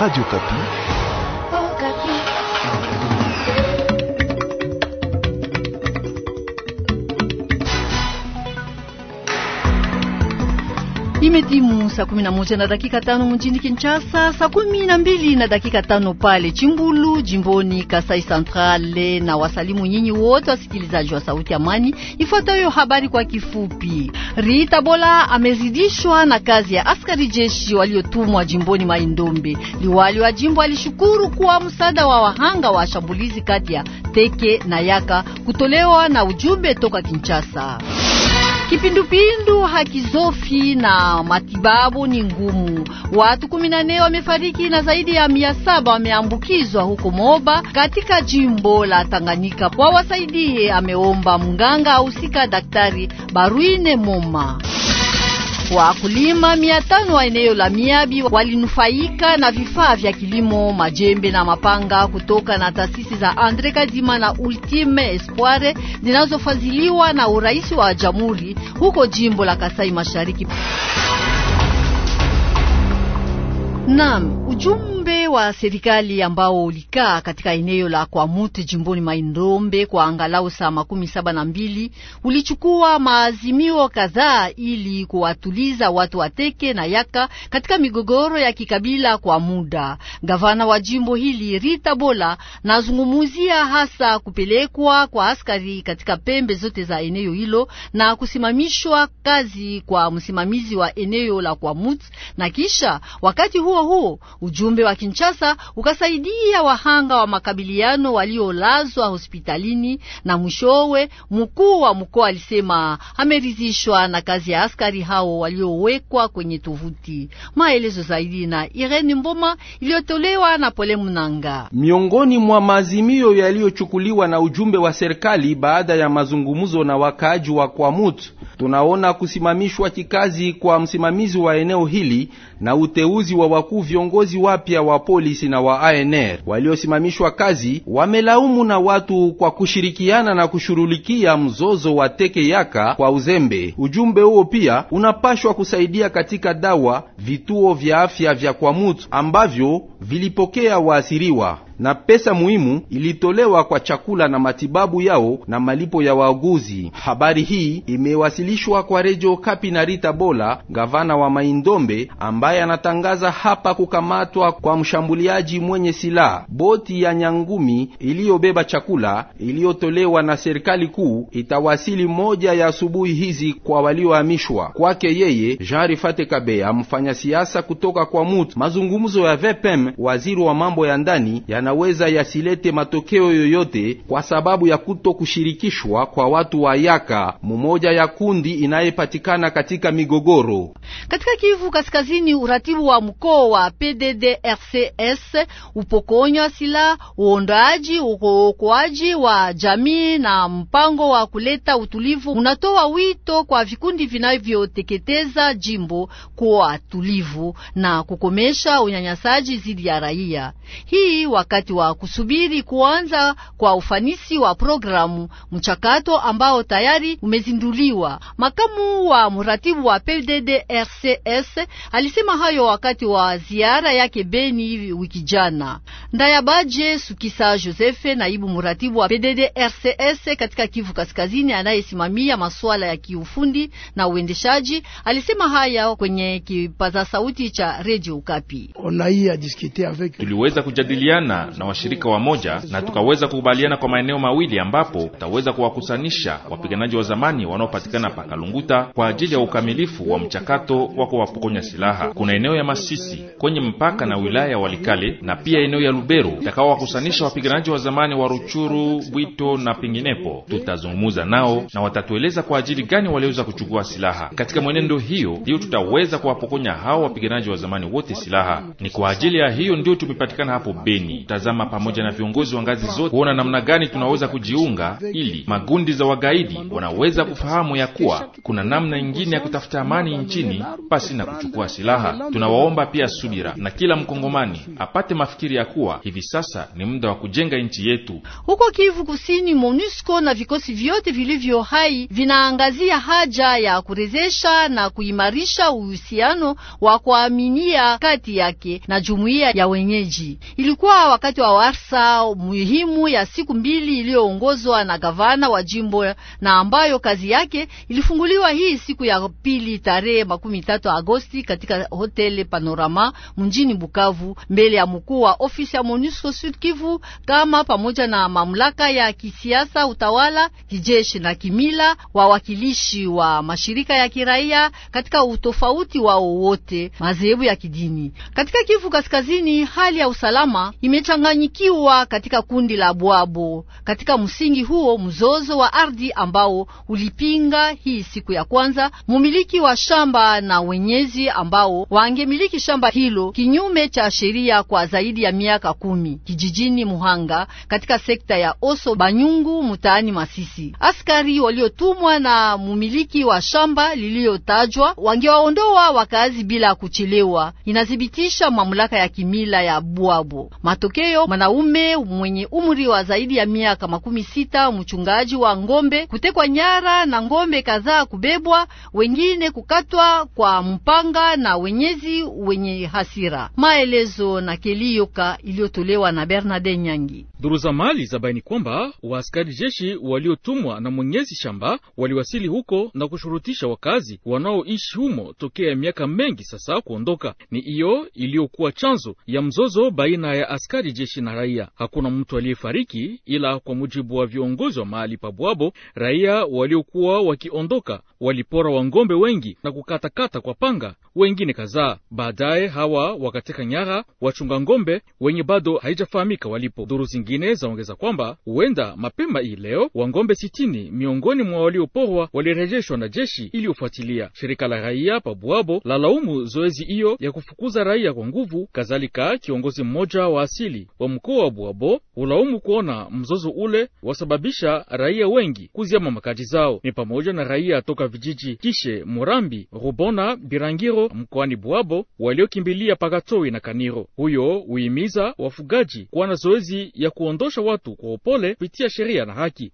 Radio Capi Imetimu saa kumi na moja na dakika tano mjini Kinshasa, saa kumi na mbili na dakika tano pale Chimbulu jimboni Kasai Centrale, na wasalimu nyinyi wote wasikilizaji wa Sauti Amani. Ifuatayo habari kwa kifupi. Rita Bola amezidishwa na kazi ya askari jeshi waliotumwa jimboni Maindombe. Liwali wa jimbo alishukuru kuwa msaada wa wahanga wa shambulizi kati ya Teke na Yaka kutolewa na ujumbe toka Kinshasa. Kipindupindu hakizofi na matibabu ni ngumu. Watu kumi na nne wamefariki na zaidi ya mia saba wameambukizwa huko Moba katika jimbo la Tanganyika. Wawasaidie, ameomba mganga ahusika Daktari Barwine Moma. Wakulima mia tano wa eneo la Miabi walinufaika na vifaa vya kilimo, majembe na mapanga kutoka na taasisi za Andre Kadima na Ultime Espoire zinazofadhiliwa na urais wa Jamhuri huko jimbo la Kasai Mashariki. Naam, ujumbe Ujumbe wa serikali ambao ulikaa katika eneo la Kwamuti jimboni Maindombe kwa angalau saa makumi saba na mbili ulichukua maazimio kadhaa ili kuwatuliza watu wa Teke na Yaka katika migogoro ya kikabila kwa muda. Gavana wa jimbo hili Rita Bola nazungumuzia hasa kupelekwa kwa askari katika pembe zote za eneo hilo na kusimamishwa kazi kwa msimamizi wa eneo la Kwamuti na kisha wakati huo huo ujumbe wa Kinshasa ukasaidia wahanga wa makabiliano waliolazwa hospitalini, na mwishowe mkuu wa mkoa alisema ameridhishwa na kazi ya askari hao waliowekwa kwenye tovuti. Maelezo zaidi na Irene Mboma iliyotolewa na Pole Munanga. Miongoni mwa maazimio yaliyochukuliwa na ujumbe wa serikali baada ya mazungumzo na wakaaji wa Kwamut, tunaona kusimamishwa kikazi kwa msimamizi wa eneo hili na uteuzi wa wakuu viongozi wapya wa polisi na wa ANR waliosimamishwa kazi, wamelaumu na watu kwa kushirikiana na kushurulikia mzozo wa Teke Yaka kwa uzembe. Ujumbe huo pia unapashwa kusaidia katika dawa vituo vya afya vya Kwamutu ambavyo vilipokea waasiriwa na pesa muhimu ilitolewa kwa chakula na matibabu yao na malipo ya wauguzi. Habari hii imewasilishwa kwa Redio Kapi na Rita Bola, gavana wa Maindombe, ambaye anatangaza hapa kukamatwa kwa mshambuliaji mwenye silaha. Boti ya Nyangumi iliyobeba chakula iliyotolewa na serikali kuu itawasili moja ya asubuhi hizi kwa waliohamishwa kwake. Yeye Jean Rifate Kabea, mfanya siasa kutoka kwa Mut, mazungumzo ya VPM, waziri wa mambo ya ndani yana yanaweza yasilete matokeo yoyote kwa sababu ya kuto kushirikishwa kwa watu wa Yaka, mmoja ya kundi inayepatikana katika migogoro katika Kivu Kaskazini. Uratibu wa mkoa wa PDDRCS upokonywa sila uondoaji, uokoaji wa jamii na mpango wa kuleta utulivu unatoa wito kwa vikundi vinavyoteketeza jimbo kuwa tulivu na kukomesha unyanyasaji dhidi ya raia hii wakati wakati wa kusubiri kuanza kwa ufanisi wa programu, mchakato ambao tayari umezinduliwa. Makamu wa mratibu wa PDDRCS alisema hayo wakati wa ziara yake Beni wiki jana. Ndayabaje Sukisa Josefe, naibu mratibu wa PDDRCS katika Kivu Kaskazini anayesimamia masuala ya kiufundi na uendeshaji, alisema haya kwenye kipaza sauti cha Radio ukapi Tuliweza kujadiliana na washirika wamoja, na tukaweza kukubaliana kwa maeneo mawili ambapo tutaweza kuwakusanisha wapiganaji wa zamani wanaopatikana Pakalunguta kwa ajili ya ukamilifu wa mchakato wa kuwapokonya silaha. Kuna eneo ya Masisi kwenye mpaka na wilaya ya Walikale na pia eneo ya Lubero itakaowakusanisha wapiganaji wa zamani wa Ruchuru, Bwito na penginepo. Tutazungumza nao na watatueleza kwa ajili gani waliweza kuchukua silaha. Katika mwenendo hiyo ndiyo tutaweza kuwapokonya hao wapiganaji wa zamani wote silaha. Ni kwa ajili ya hiyo ndio tumepatikana hapo Beni tunatazama pamoja na viongozi wa ngazi zote kuona namna gani tunaweza kujiunga, ili magundi za wagaidi wanaweza kufahamu ya kuwa kuna namna ingine ya kutafuta amani nchini pasi na kuchukua silaha. Tunawaomba pia subira na kila mkongomani apate mafikiri ya kuwa hivi sasa ni muda wa kujenga nchi yetu. Huko Kivu Kusini, MONUSCO na vikosi vyote vilivyo hai vinaangazia haja ya kurejesha na kuimarisha uhusiano wa kuaminia kati yake na jumuiya ya wenyeji. Ilikuwa wakati wa warsa muhimu ya siku mbili iliyoongozwa na gavana wa jimbo na ambayo kazi yake ilifunguliwa hii siku ya pili tarehe makumi tatu Agosti katika hoteli Panorama mjini Bukavu mbele ya mkuu wa ofisi ya MONUSCO Sud Kivu kama pamoja na mamlaka ya kisiasa, utawala, kijeshi na kimila, wawakilishi wa mashirika ya kiraia katika utofauti wao wote, madhehebu ya kidini katika Kivu Kaskazini. Hali ya usalama ime kuchanganyikiwa katika kundi la Bwabo. Katika msingi huo mzozo wa ardhi ambao ulipinga hii siku ya kwanza mumiliki wa shamba na wenyezi ambao wangemiliki shamba hilo kinyume cha sheria kwa zaidi ya miaka kumi kijijini Muhanga katika sekta ya Oso Banyungu mtaani Masisi. Askari waliotumwa na mumiliki wa shamba liliyotajwa wangewaondoa wakazi bila kuchelewa, inathibitisha mamlaka ya kimila ya Bwabo. Matokeo matokeo mwanaume mwenye umri wa zaidi ya miaka makumi sita mchungaji wa ngombe kutekwa nyara na ngombe kadhaa kubebwa, wengine kukatwa kwa mpanga na wenyezi wenye hasira. Maelezo na Kelioka iliyotolewa na Bernade Nyangi. Duru za mali za baini kwamba waaskari jeshi waliotumwa na mwenyezi shamba waliwasili huko na kushurutisha wakazi wanaoishi humo tokea ya miaka mengi sasa kuondoka. Ni hiyo iliyokuwa chanzo ya mzozo baina ya askari askari jeshi na raia. Hakuna mtu aliyefariki, ila kwa mujibu wa viongozi wa mahali pa Bwabo, raia waliokuwa wakiondoka walipora wang'ombe wengi na kukatakata kwa panga wengine kadhaa. Baadaye hawa wakateka nyara wachunga ng'ombe wenye bado haijafahamika walipo. dhuru zingine zaongeza kwamba huenda mapema hii leo wang'ombe sitini miongoni mwa walioporwa walirejeshwa na jeshi iliyofuatilia. Shirika la raia Pabwabo la laumu zoezi hiyo ya kufukuza raia kwa nguvu. Kadhalika kiongozi mmoja wa asili wa mkoa wa Bwabo ulaumu kuona mzozo ule wasababisha raia wengi kuziama makazi zao, ni pamoja na raia toka vijiji Kishe, Murambi, Rubona, Birangiro mkoani Bwabo waliokimbilia Pakatoi na Kaniro. Huyo huimiza wafugaji kuwa na zoezi ya kuondosha watu kwa upole kupitia sheria na haki.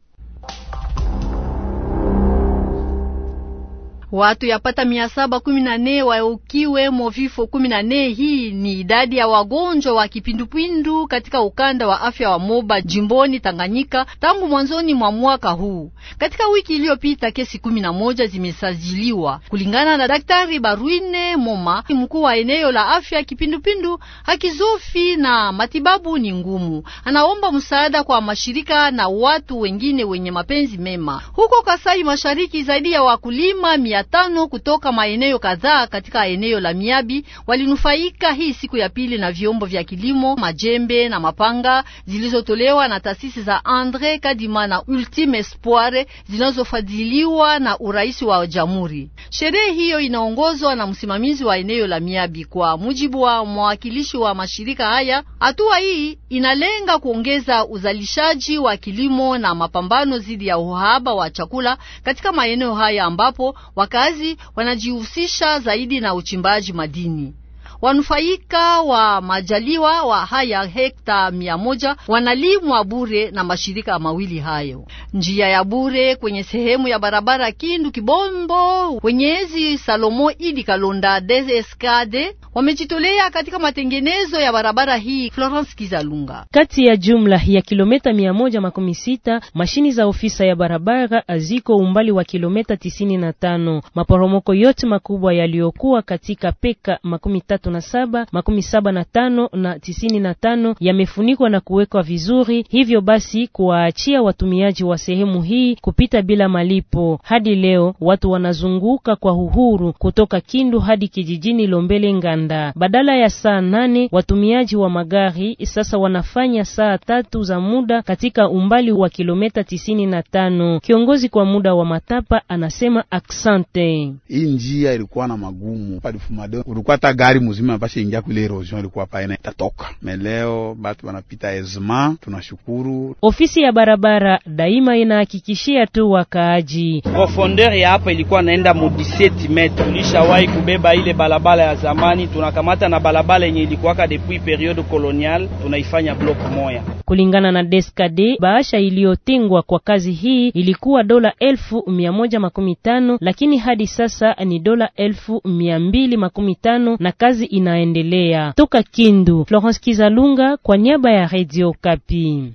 Watu yapata mia saba kumi na nne waukiwemo vifo kumi na nne. Hii ni idadi ya wagonjwa wa kipindupindu katika ukanda wa afya wa Moba jimboni Tanganyika tangu mwanzoni mwa mwaka huu. Katika wiki iliyopita kesi kumi na moja zimesajiliwa kulingana na Daktari Barwine Moma, mkuu wa eneo la afya. Kipindupindu hakizofi na matibabu ni ngumu. Anaomba msaada kwa mashirika na watu wengine wenye mapenzi mema. Huko Kasai Mashariki, zaidi ya wakulima mia tano kutoka maeneo kadhaa katika eneo la Miabi walinufaika hii siku ya pili na vyombo vya kilimo, majembe na mapanga zilizotolewa na taasisi za Andre Kadima na Ultime Espoir zinazofadhiliwa na urais wa jamhuri. Sherehe hiyo inaongozwa na msimamizi wa eneo la Miabi. Kwa mujibu wa mwakilishi wa mashirika haya, hatua hii inalenga kuongeza uzalishaji wa kilimo na mapambano dhidi ya uhaba wa chakula katika maeneo haya ambapo wakazi wanajihusisha zaidi na uchimbaji madini. Wanufaika wa majaliwa wa haya hekta mia moja wanalimwa bure na mashirika mawili hayo, njia ya bure kwenye sehemu ya barabara Kindu Kibombo. Wenyezi Salomo Idi Kalonda Escade wamejitolea katika matengenezo ya barabara hii. Florence Kizalunga, kati ya jumla ya kilometa mia moja makumi sita mashini za ofisa ya barabara aziko umbali wa kilometa tisini na tano. Maporomoko yote makubwa yaliyokuwa katika peka makumi tatu tatu na saba makumi saba na tano na tisini na tano yamefunikwa na kuwekwa vizuri, hivyo basi kuwaachia watumiaji wa sehemu hii kupita bila malipo. Hadi leo watu wanazunguka kwa uhuru kutoka Kindu hadi kijijini Lombele Nganda. Badala ya saa nane watumiaji wa magari sasa wanafanya saa tatu za muda katika umbali wa kilometa tisini na tano. Kiongozi kwa muda wa Matapa anasema aksante, hii njia ilikuwa na magumu palifumadeo ulikuwa hata gari basi ingia kule erosion ilikuwa paena itatoka meleo batu wanapita ezma. Tunashukuru ofisi ya barabara daima inahakikishia tu wakaaji profondeur ya hapa ilikuwa naenda mu 17 metre. Tulishawahi kubeba ile balabala ya zamani, tunakamata na balabala yenye ilikuwaka depuis periode colonial tunaifanya block moya. Kulingana na Deskade, bahasha iliyotengwa kwa kazi hii ilikuwa dola elfu mia moja makumi tano lakini hadi sasa ni dola elfu mia mbili makumi tano na kazi inaendelea. Toka Kindu, Florence Kizalunga kwa niaba ya Radio Kapi.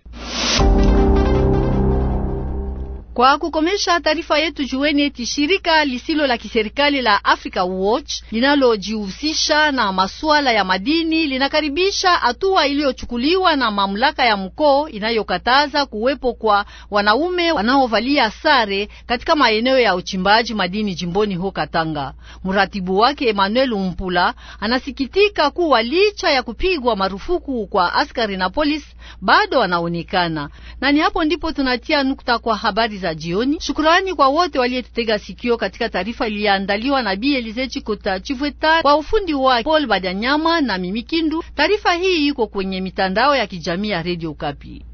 Kwa kukomesha taarifa yetu, jueni eti shirika lisilo la kiserikali la Africa Watch linalojihusisha na masuala ya madini linakaribisha hatua iliyochukuliwa na mamlaka ya mkoo inayokataza kuwepo kwa wanaume wanaovalia sare katika maeneo ya uchimbaji madini jimboni huko Katanga. Mratibu wake Emmanuel mpula anasikitika kuwa licha ya kupigwa marufuku kwa askari na polisi bado wanaonekana. Na ni hapo ndipo tunatia nukta kwa habari za za jioni. Shukurani kwa wote waliyetutega sikio katika taarifa iliyoandaliwa na Bi Elize Chikota Chivweta kwa ufundi wa Paul Badanyama na Mimikindu. Taarifa hii iko kwenye mitandao ya kijamii ya Radio Kapi.